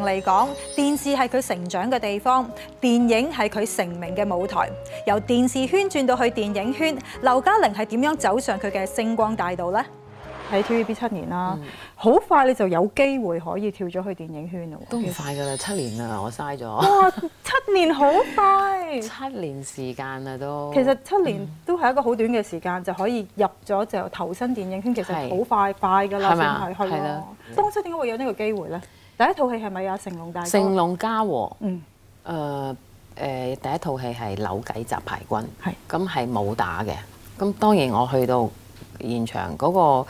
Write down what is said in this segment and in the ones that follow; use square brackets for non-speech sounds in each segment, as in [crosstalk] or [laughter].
嚟講，電視係佢成長嘅地方，電影係佢成名嘅舞台。由電視圈轉到去電影圈，劉嘉玲係點樣走上佢嘅星光大道呢？喺 TVB 七年啦，好、嗯、快你就有機會可以跳咗去電影圈咯。都幾快噶啦，七年啊，我嘥咗。哇，七年好快！七年時間啊，都其實七年都係一個好短嘅時間、嗯，就可以入咗就投身電影圈，其實好快快噶啦，先係去。當初點解會有呢個機會呢？第一套戲係咪有成龍家》？《成龍家喎，嗯，誒、呃、誒、呃，第一套戲係扭計集牌軍，係咁係冇打嘅，咁當然我去到現場嗰個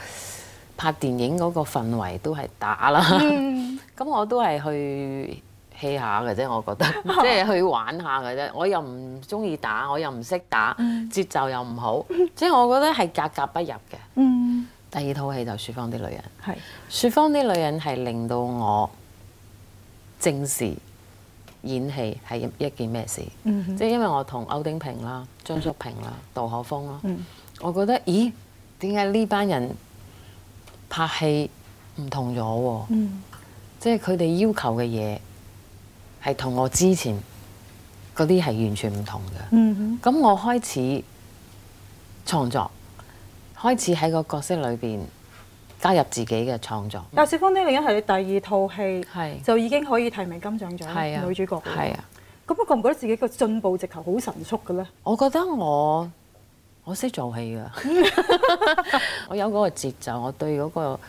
拍電影嗰個氛圍都係打啦，咁、嗯、 [laughs] 我都係去嬉下嘅啫，我覺得即係、就是、去玩一下嘅啫、啊，我又唔中意打，我又唔識打，節、嗯、奏又唔好，即、嗯、係、就是、我覺得係格格不入嘅。嗯。第二套戲就是《說謊啲女人》，《說謊啲女人》係令到我正視演戲係一件咩事，即、mm、係 -hmm. 因為我同歐丁平啦、張叔平啦、 [laughs] 杜可風啦，我覺得咦，點解呢班人拍戲唔同咗？即係佢哋要求嘅嘢係同我之前嗰啲係完全唔同嘅。咁、mm -hmm. 我開始創作。開始喺個角色裏邊加入自己嘅創作。但小峰呢，另一係你第二套戲就已經可以提名金像獎女主角。係啊，咁你覺唔覺得自己個進步直頭好神速嘅咧？我覺得我我識做戲㗎，我有嗰個節奏，我對嗰個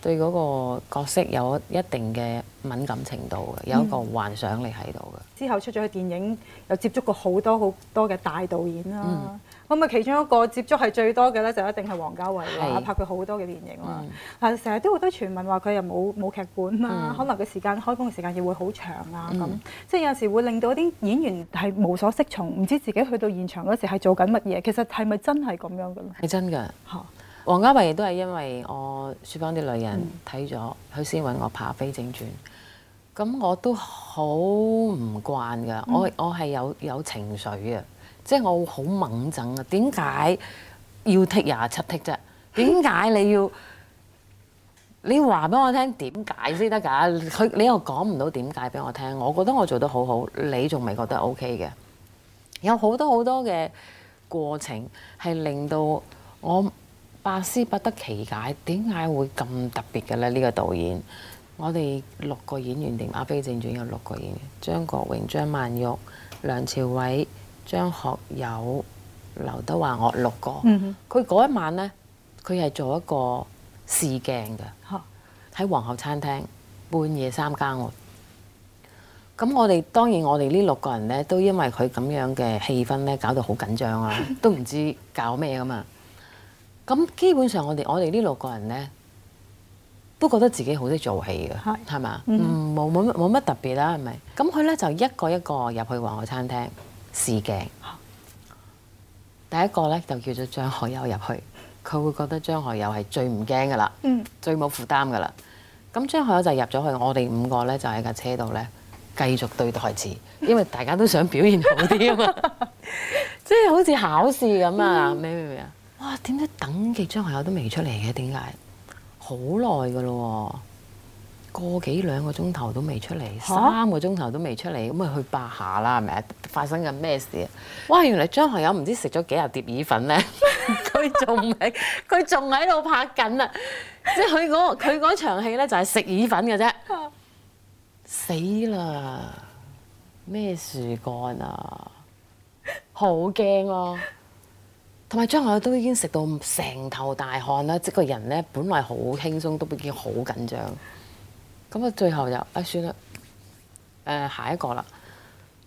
對嗰個角色有一定嘅敏感程度嘅，有一個幻想力喺度嘅。之後出咗去電影，又接觸過好多好多嘅大導演啦。咁啊，其中一個接觸係最多嘅咧，就一定係王家衛拍佢好多嘅電影啊、嗯。但成日都好多傳聞話佢又冇冇劇本啊、嗯，可能佢時間開工嘅時間又會好長啊咁、嗯，即係有時會令到啲演員係無所適從，唔知自己去到現場嗰時係做緊乜嘢。其實係咪真係咁樣嘅咧？係真㗎。嚇，王家衛亦都係因為我《說謊啲女人》睇、嗯、咗，佢先揾我拍《阿飛正傳》。咁我都好唔慣㗎，我我係有有情緒嘅。即係我好猛憎啊！點解要剔廿七剔啫？點解你要你話俾我聽點解先得㗎？佢你又講唔到點解俾我聽？我覺得我做得好好，你仲未覺得 O K 嘅？有好多好多嘅過程係令到我百思不得其解，點解會咁特別嘅咧？呢個導演，我哋六個演員定阿飛正傳有六個演員：張國榮、張曼玉、梁朝偉。張學友、劉德華，我六個。佢嗰一晚呢，佢係做一個試鏡嘅，喺皇后餐廳半夜三更喎。咁我哋當然我哋呢六個人呢，都因為佢咁樣嘅氣氛呢，搞到好緊張啊，都唔知搞咩嘅嘛。咁基本上我哋我哋呢六個人呢，都覺得自己好識做戲嘅，係嘛？嗯，冇冇乜特別啦，啊，係咪？咁佢呢，就一個一個入去皇后餐廳。試鏡第一個咧就叫咗張學友入去，佢會覺得張學友係最唔驚噶啦，最冇負擔噶啦。咁張學友就入咗去，我哋五個咧就喺架車度咧繼續對台詞，因為大家都想表現好啲啊嘛，即 [laughs] 係 [laughs] 好似考試咁啊！明唔明啊？哇！點解等極張學友都未出嚟嘅？點解？好耐噶咯？個幾兩個鐘頭都未出嚟，啊，三個鐘頭都未出嚟，咁咪去八下啦？係咪啊？發生緊咩事啊？哇！原嚟張學友唔知食咗幾廿碟意粉咧，佢仲係佢仲喺度拍緊啊！即係佢嗰佢嗰場戲咧就係食意粉嘅啫， [laughs] 死啦！咩事幹啊？好驚咯、啊！同 [laughs] 埋張學友都已經食到成頭大汗啦，即、就、係、是、個人咧本嚟好輕鬆都已經好緊張。咁啊，最後又誒算啦，誒下一個啦，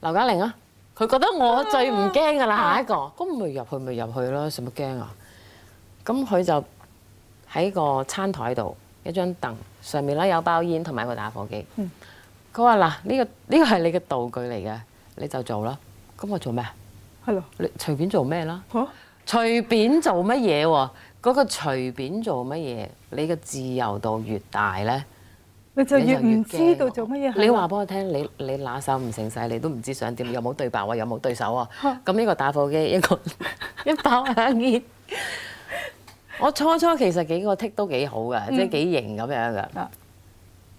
劉嘉玲啊，佢覺得我最唔驚噶啦，下一個咁咪入去咪入去咯，使乜驚啊？咁佢就喺個餐台度一張凳上面咧，有包煙同埋一個打火機。嗯，佢話嗱，呢個呢個係你嘅道具嚟嘅，你就做啦。咁我做咩啊？係咯，你隨便做咩啦？嚇，隨便做乜嘢喎？嗰個隨便做乜嘢，你嘅自由度越大咧。你就越唔知道做乜嘢？你話俾我聽，你你拿手唔成世，你都唔知想點，有冇對白喎，有冇對手喎、啊。咁 [laughs] 呢個打火機，一個 [laughs] 一包香煙。 [laughs] 我初初其實幾個剔都幾好嘅、嗯，即係幾型咁樣嘅。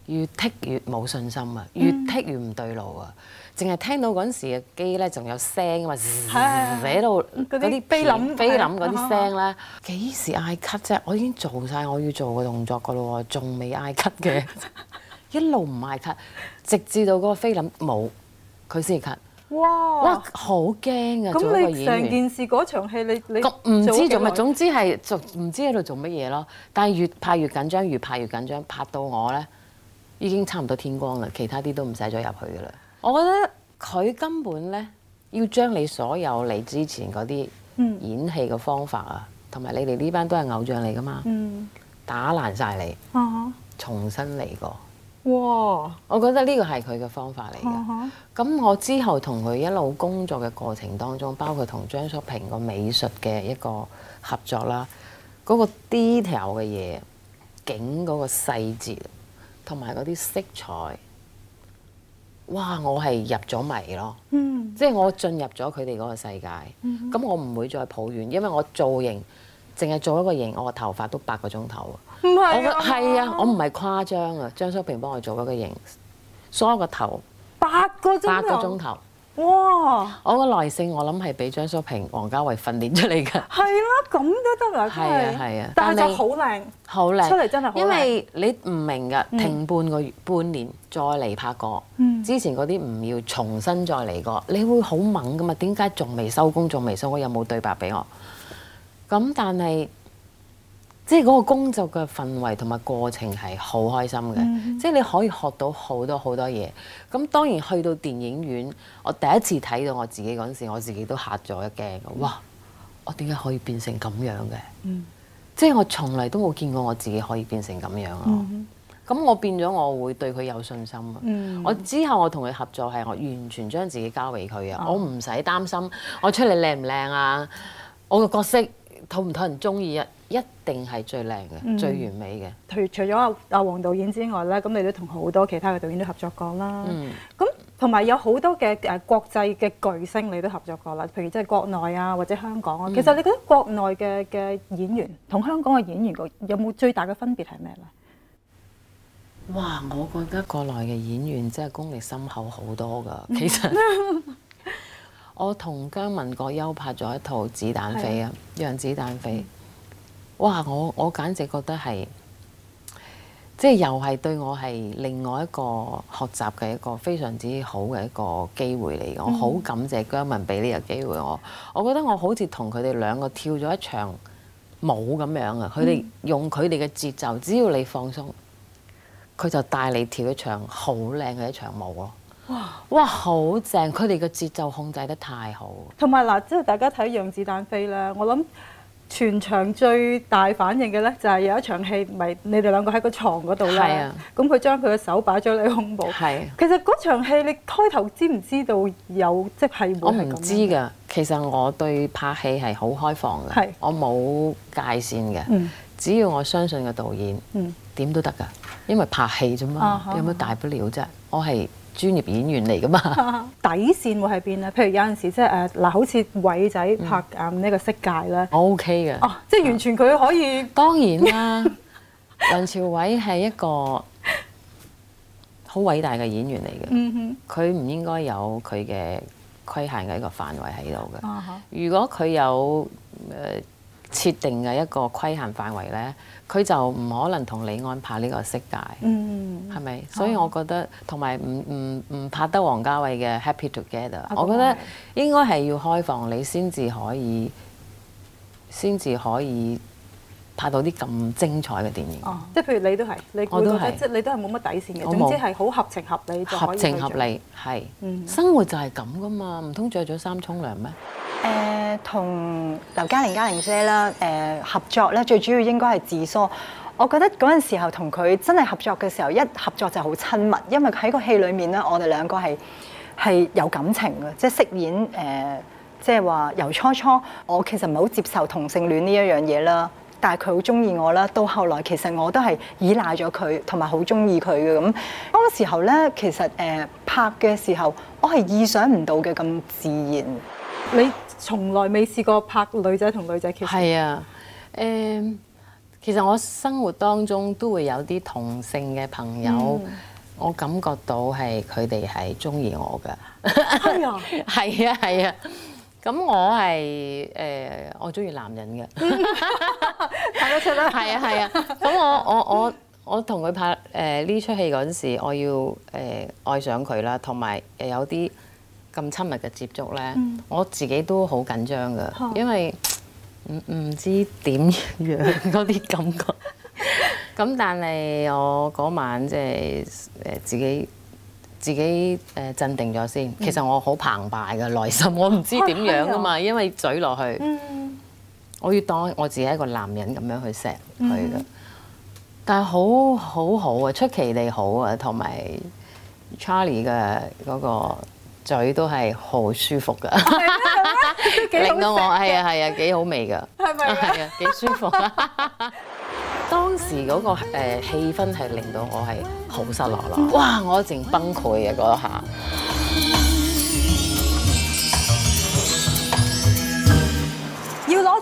越剔越冇信心啊，越剔越唔對路啊。嗯越淨係聽到嗰陣時嘅機咧，仲有聲噶嘛，寫、啊、到嗰啲菲林菲林嗰啲聲咧。幾、啊、時嗌咳啫？我已經做晒我要做嘅動作噶咯喎，仲未嗌咳嘅， [laughs] 一路唔嗌咳，直至到嗰個菲林冇，佢先至咳。哇！哇！好驚啊！做個演員。咁你成件事嗰場戲你，你你做唔知做乜，總之係做唔知喺度做乜嘢咯。但係越拍越緊張，越拍越緊張，拍到我咧已經差唔多天光啦。其他啲都唔使再入去噶啦。我覺得佢根本咧要將你所有你之前嗰啲演戲嘅方法啊，同、嗯、埋你哋呢班都係偶像嚟㗎嘛、嗯，打爛晒你、啊，重新嚟過。哇！我覺得呢個係佢嘅方法嚟嘅。咁、啊、我之後同佢一路工作嘅過程當中，包括同張叔平個美術嘅一個合作啦，嗰、嗰個 detail 嘅嘢景嗰個細節，同埋嗰啲色彩。哇！我係入咗迷咯、嗯，即係我進入咗佢哋嗰個世界。咁、嗯、我唔會再抱怨，因為我造型淨係做一個型，我個頭髮都八個鐘頭。唔係啊，我唔係、啊、誇張啊。張叔平幫我做一個型，梳個頭八個鐘頭。八個鐘頭哇！我個耐性我諗係俾張叔平、王家衞訓練出嚟㗎。係啦，咁都得啊，啊係啊，但係好靚，好靚，出嚟真係好靚。因為你唔明㗎、嗯，停半個月、半年再嚟拍過。嗯.之前嗰啲唔要，重新再嚟過，你會好猛噶嘛？點解仲未收工？仲未收工？有冇對白俾我？咁但係即係嗰個工作嘅氛圍同埋過程係好開心嘅，即、嗯、係、就是、你可以學到好多好多嘢。咁當然去到電影院，我第一次睇到我自己嗰陣時候，我自己都嚇咗一驚。哇！我點解可以變成咁樣嘅？即、嗯、係、就是、我從嚟都冇見過我自己可以變成咁樣咯。嗯咁我變咗，我會對佢有信心啊！我之後我同佢合作係，我完全將自己交俾佢啊！我唔使擔心我出嚟靚唔靚啊！我個角色討唔討人鍾意啊？一定係最靚嘅、最完美嘅。除除咗阿阿黃導演之外咧，咁你都同好多其他嘅導演都合作過啦。咁同埋有好多嘅誒國際嘅巨星，你都合作過啦。譬如即係國內啊，或者香港啊。其實你覺得國內嘅嘅演員同香港嘅演員個有冇最大嘅分別係咩呢？哇！我覺得國內嘅演員真係功力深厚好多㗎。其實我同姜文、葛優拍咗一套《子彈飛》啊，《讓子彈飛》。哇！我我簡直覺得係，即係又係對我係另外一個學習嘅一個非常之好嘅一個機會嚟。我好感謝姜文俾呢個機會我。我覺得我好似同佢哋兩個跳咗一場舞咁樣啊！佢哋用佢哋嘅節奏，只要你放鬆。佢就帶你跳一場好靚嘅一場舞咯。哇！哇，好正！佢哋嘅節奏控制得太好。同埋嗱，即係大家睇《讓子彈飛》啦，我諗全場最大反應嘅咧，就係有一場戲，咪你哋兩個喺個床嗰度啦。係啊。咁佢將佢嘅手擺咗你胸部。係、啊。其實嗰場戲，你開頭知唔知道有即係冇？我唔知㗎。其實我對拍戲係好開放㗎。係、啊。我冇界線㗎、嗯。只要我相信嘅導演，嗯，點都得㗎。因為拍戲啫嘛，uh -huh. 有乜大不了啫？我係專業演員嚟噶嘛，uh，-huh. [laughs] 底線會係邊咧？譬如有陣時即係誒嗱，好似偉仔拍誒呢，uh -huh. 個色戒咧，O K 嘅，哦，uh -huh. 呃，即係完全佢可以，uh，-huh. 當然啦，梁朝偉係一個好偉大嘅演員嚟嘅，佢，uh，唔 -huh. 應該有佢嘅規限嘅一個範圍喺度嘅。Uh -huh. 如果佢有誒。呃設定嘅一個規限範圍呢，佢就唔可能同李安拍呢個色戒，係、嗯、咪、嗯嗯？所以我覺得同埋唔唔唔拍得王家衞嘅 Happy Together，、啊、我覺得應該係要開放你先至可以，先至可以拍到啲咁精彩嘅電影。即、嗯、係、嗯、譬如你都係，你都係我都係，即係你都係冇乜底線嘅，總之係好合情合理就可以，合情合理係、嗯，生活就係咁㗎嘛，唔通着咗衫沖涼咩？嗯同劉嘉玲嘉玲姐啦，誒、呃、合作咧，最主要應該係自梳。我覺得嗰陣時候同佢真係合作嘅時候，一合作就好親密，因為喺個戲裡面咧，我哋兩個係係有感情嘅，即係飾演誒、呃，即係話由初初我其實唔係好接受同性戀呢一樣嘢啦，但係佢好中意我啦，到後來其實我都係依賴咗佢，同埋好中意佢嘅咁。當時候咧，其實誒、呃、拍嘅時候，我係意想唔到嘅咁自然。你從來未試過拍女仔同女仔傾偈，係啊。誒、呃，其實我生活當中都會有啲同性嘅朋友，嗯，我感覺到係佢哋係中意我噶，係、 [laughs] 哎、啊，係啊，係咁我係誒、呃，我中意男人嘅， [laughs] [laughs] 拍得出啦，係啊，係啊，咁我我我我同佢拍誒呢出戲嗰陣時候，我要誒、呃、愛上佢啦，同埋誒有啲。有些咁親密嘅接觸呢、嗯，我自己都好緊張噶、哦，因為唔唔知點樣嗰啲感覺。咁 [laughs] [laughs] 但係我嗰晚即、就、係、是呃、自己自己誒鎮定咗先、嗯。其實我好澎湃嘅內心，我唔知點樣噶嘛、哦，因為嘴落去、嗯，我要當我自己係一個男人咁樣去錫佢嘅。但係好好好啊，出奇地好啊，同埋 Charlie 嘅嗰、那個。嘴都係好舒服噶， [laughs] 令到我係啊係啊幾好、啊、味㗎，係咪啊幾舒服啊！ [laughs] [laughs] 當時嗰、嗰個、呃、氣氛係令到我係好失落咯，哇！我那一陣崩潰嘅嗰一下。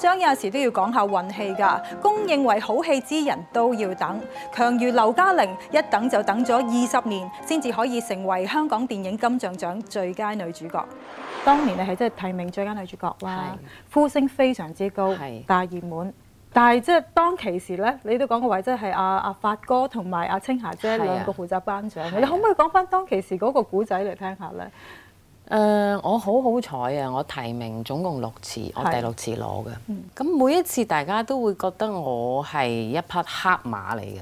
獎有陣時都要講下運氣噶，公認為好戲之人都要等，強如劉嘉玲一等就等咗二十年，先至可以成為香港電影金像獎最佳女主角。當年你係真係提名最佳女主角啦，呼聲非常之高，大熱門。但係即係當其時呢，你都講過話即係阿阿發哥同埋阿青霞姐兩個負責頒獎，你可唔可以講翻當其時嗰個古仔嚟聽下呢？誒、uh，我好好彩啊！我提名總共六次，我第六次攞嘅。咁、嗯、每一次大家都會覺得我係一匹黑馬嚟嘅，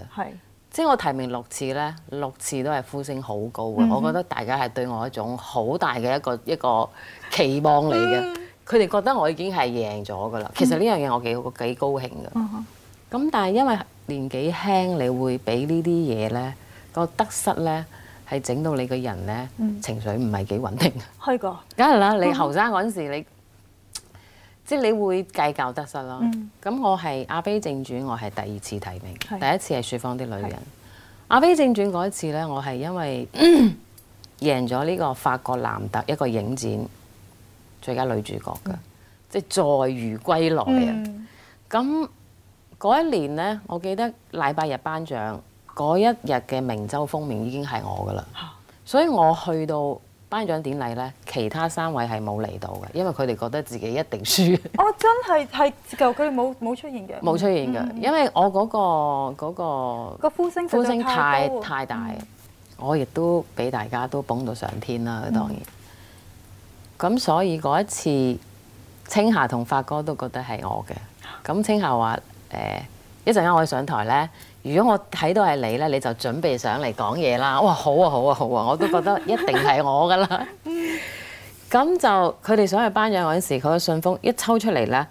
即係、就是、我提名六次呢，六次都係呼聲好高嘅、嗯。我覺得大家係對我一種好大嘅一個一個期望嚟嘅。佢、嗯、哋覺得我已經係贏咗㗎啦。其實呢樣嘢我幾、嗯、幾高興㗎。咁、嗯、但係因為年紀輕，你會俾呢啲嘢呢個得失呢。係整到你個人咧、嗯，情緒唔係幾穩定的。去過，梗係啦，你後生嗰陣時你，你、嗯、即係你會計較得失咯。咁、嗯、我係《阿飛正傳》，我係第二次提名，是第一次係《說謊的女人》。《阿飛正傳》嗰一次咧，我係因為 [coughs] 贏咗呢個法國南特一個影展最佳女主角嘅、嗯，即係載譽歸來」嗯。啊！咁嗰一年呢，我記得禮拜日頒獎。嗰一日嘅明州封面已經係我噶啦，所以我去到頒獎典禮呢，其他三位係冇嚟到嘅，因為佢哋覺得自己一定輸。我、哦、真係係就佢哋冇冇出現嘅。冇出現嘅、嗯，因為我嗰、嗰個嗰、嗰個、嗰個呼聲呼聲太太，太大，我亦都俾大家都捧到上天啦。當然，咁、嗯、所以嗰一次，青霞同發哥都覺得係我嘅。咁青霞話誒。呃一陣間我上台咧，如果我睇到係你咧，你就準備上嚟講嘢啦。哇，好啊，好啊，好啊，我都覺得一定係我噶啦。咁 [laughs] 就佢哋想去頒獎嗰陣時，佢個信封一抽出嚟咧，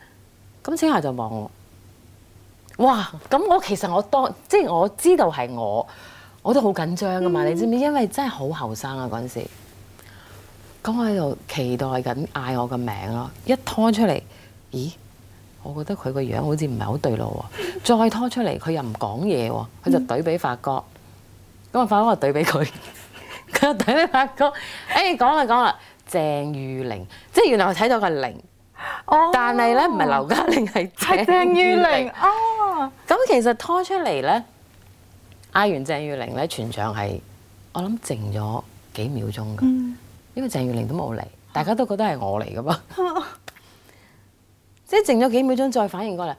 咁青霞就望我。哇！咁我其實我當即我知道係我，我都好緊張㗎嘛， [laughs] 你知唔知？因為真係好後生啊嗰陣時。咁我喺度期待緊嗌我個名咯，一拖出嚟，咦？我覺得佢個樣好似唔係好對路喎，再拖出嚟佢又唔講嘢喎，佢就對畀發哥，咁、嗯、啊發哥又對比佢，佢就對畀就對發哥，哎講啦講啦，鄭裕玲，即係原來我睇到個、哦、玲，玲，玲，哦，但係咧唔係劉嘉玲係，係鄭裕玲哦，咁其實拖出嚟咧，嗌完鄭裕玲咧，全場係我諗靜咗幾秒鐘㗎、嗯，因為鄭裕玲都冇嚟，大家都覺得係我嚟㗎嘛。哦。即係靜咗幾秒鐘，再反應過嚟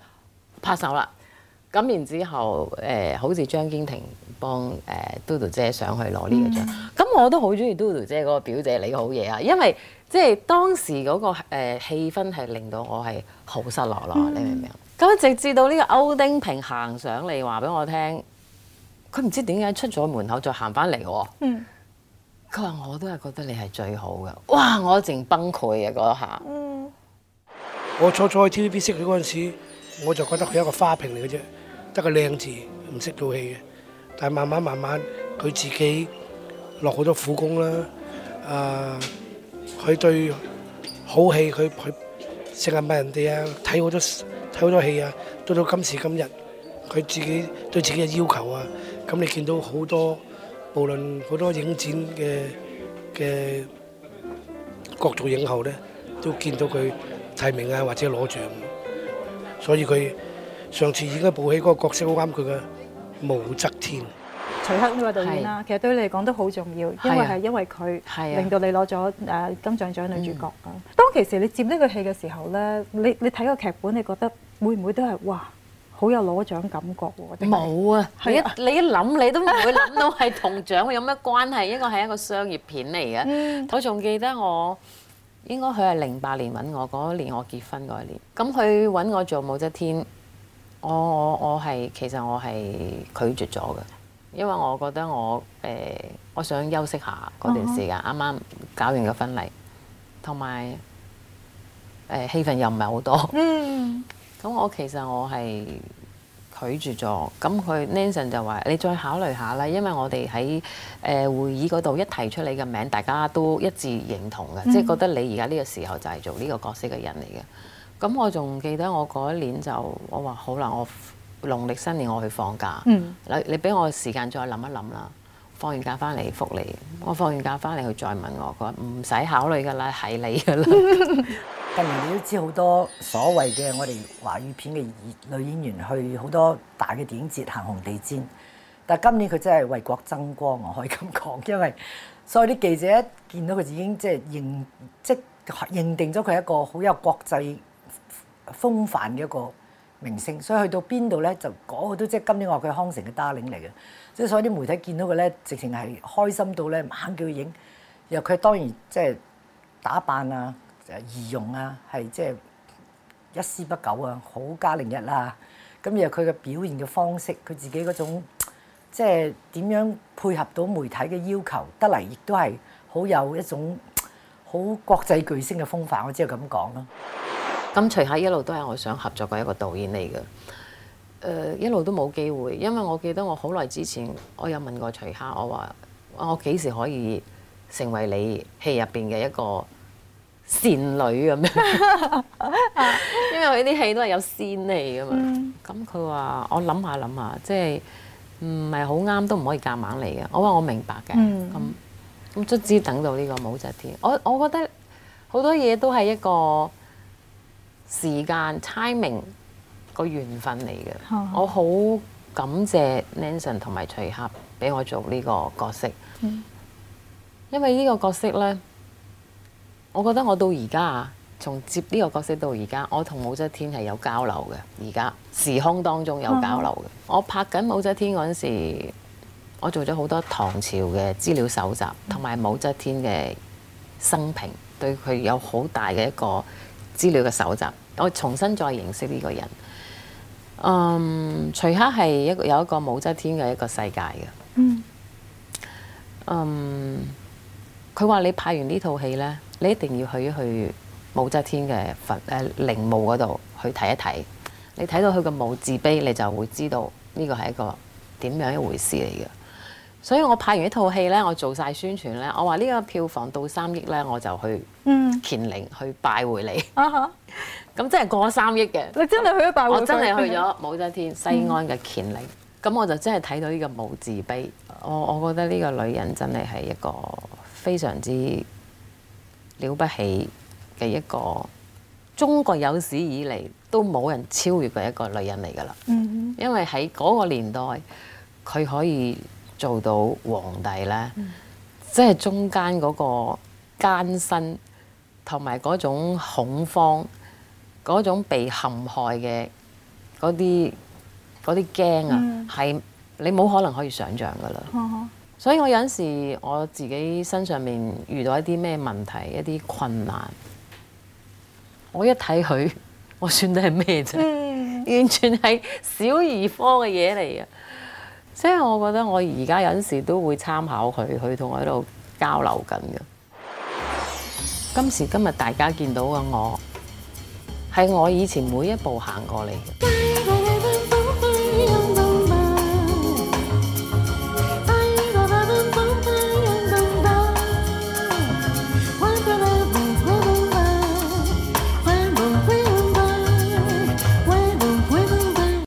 拍手啦。咁然之後，誒、呃、好似張堅庭幫誒嘟嘟姐上去攞呢個獎。咁、嗯、我都好中意嘟嘟姐嗰個表姐你好嘢啊，因為即係當時嗰、那個誒氣、呃、氛係令到我係好失落咯、嗯。你明唔明？咁直至到呢個歐丁平行上嚟話俾我聽，佢唔知點解出咗門口再行翻嚟喎。佢、嗯、話我都係覺得你係最好嘅。哇！我淨崩潰嘅嗰下。我初初去 TVB 識佢嗰陣時，我就覺得佢係一個花瓶嚟嘅啫，得個靚字，唔識做戲嘅。但係慢慢慢慢，佢自己落好多苦功啦。誒、啊，佢對好戲，佢佢成日問人哋啊，睇好多睇好多戲啊。到到今時今日，佢自己對自己嘅要求啊，咁你見到好多無論好多影展嘅嘅各組影后咧，都見到佢。提名啊，或者攞獎，所以佢上次演嗰部戲嗰個角色好啱佢嘅武則天。徐克呢個導演啦，其實對你嚟講都好重要，因為係因為佢令到你攞咗誒金像獎女主角啊。當其時你接呢個戲嘅時候咧，你你睇個劇本，你覺得會唔會都係哇，好有攞獎感覺喎？冇啊！你一你一諗，你都唔會諗到係同獎有咩關係，因為係一個商業片嚟嘅。我仲記得我。應該佢係零八年揾我嗰一年，我結婚嗰一年。咁佢揾我做武則天，我我我係其實我係拒絕咗嘅，因為我覺得我誒、呃、我想休息下嗰段時間，uh-huh. 啱啱搞完個婚禮，同埋誒氣氛又唔係好多。嗯、mm.，咁我其實我係。拒絕咗，咁佢 Nansun 就話：你再考慮下啦，因為我哋喺誒會議嗰度一提出你嘅名，大家都一致認同嘅、嗯，即係覺得你而家呢個時候就係做呢個角色嘅人嚟嘅。咁我仲記得我嗰一年就我話好啦，我，我農曆新年我去放假，嗯、你畀俾我時間再諗一諗啦。放完假翻嚟復你，我放完假翻嚟佢再問我，佢話唔使考慮㗎啦，係你㗎啦。嗯 [laughs] 近年你都知好多所謂嘅我哋華語片嘅熱女演員去好多大嘅電影節行紅地毯，但係今年佢真係為國爭光，我可以咁講，因為所有啲記者一見到佢已經即係認即係認定咗佢係一個好有國際風範嘅一個明星，所以去到邊度咧就嗰個都即係今年我話佢康城嘅 darling 嚟嘅，即係所有啲媒體見到佢咧直情係開心到咧猛叫佢影，然後佢當然即係打扮啊。誒儀容啊，係即係一絲不苟啊，好加靈日啦。咁然後佢嘅表現嘅方式，佢自己嗰種即係點樣配合到媒體嘅要求得嚟，亦都係好有一種好國際巨星嘅風範。我只係咁講咯。咁徐克一路都係我想合作嘅一個導演嚟嘅。誒一路都冇機會，因為我記得我好耐之前，我有問過徐克，我話我幾時可以成為你戲入面嘅一個？仙女咁樣，因為佢啲戲都係有仙氣噶嘛。咁佢話：我諗下諗下，即係唔係好啱都唔可以夾硬嚟嘅。我話我明白嘅。咁咁卒之等到呢個武則天，我我覺得好多嘢都係一個時間 timing 個緣分嚟嘅。嗯、我好感謝 Nelson 同埋徐克俾我做呢個角色，嗯、因為呢個角色咧。我覺得我到而家啊，從接呢個角色到而家，我同武則天係有交流嘅。而家時空當中有交流嘅、嗯。我拍緊武則天嗰陣時候，我做咗好多唐朝嘅資料搜集，同埋武則天嘅生平，對佢有好大嘅一個資料嘅搜集。我重新再認識呢個人。嗯，徐克係一個有一個武則天嘅一個世界嘅。嗯。嗯佢話：你拍完呢套戲呢，你一定要去一去武則天嘅墳誒陵墓嗰度去睇一睇。你睇到佢個無字碑，你就會知道呢個係一個點樣一回事嚟嘅。所以我拍完呢套戲呢，我做晒宣傳呢，我話呢個票房到三億呢，我就去乾陵去拜會你。咁、嗯、 [laughs] 真係過三億嘅。你真係去咗拜會？我真係去咗武則天西安嘅乾陵。咁、嗯、我就真係睇到呢個無字碑。我我覺得呢個女人真係係一個。非常之了不起嘅一個中國有史以嚟都冇人超越嘅一個女人嚟噶啦，因為喺嗰個年代佢可以做到皇帝呢，嗯、即係中間嗰個艱辛同埋嗰種恐慌、嗰種被陷害嘅嗰啲嗰啲驚啊，係、嗯、你冇可能可以想像噶啦。嗯。所以我有陣時我自己身上面遇到一啲咩問題，一啲困難，我一睇佢，我算得係咩啫？ [laughs] 完全係小兒科嘅嘢嚟嘅。即係我覺得我而家有陣時都會參考佢，佢同我喺度交流緊嘅。今時今日大家見到嘅我，係我以前每一步行過嚟。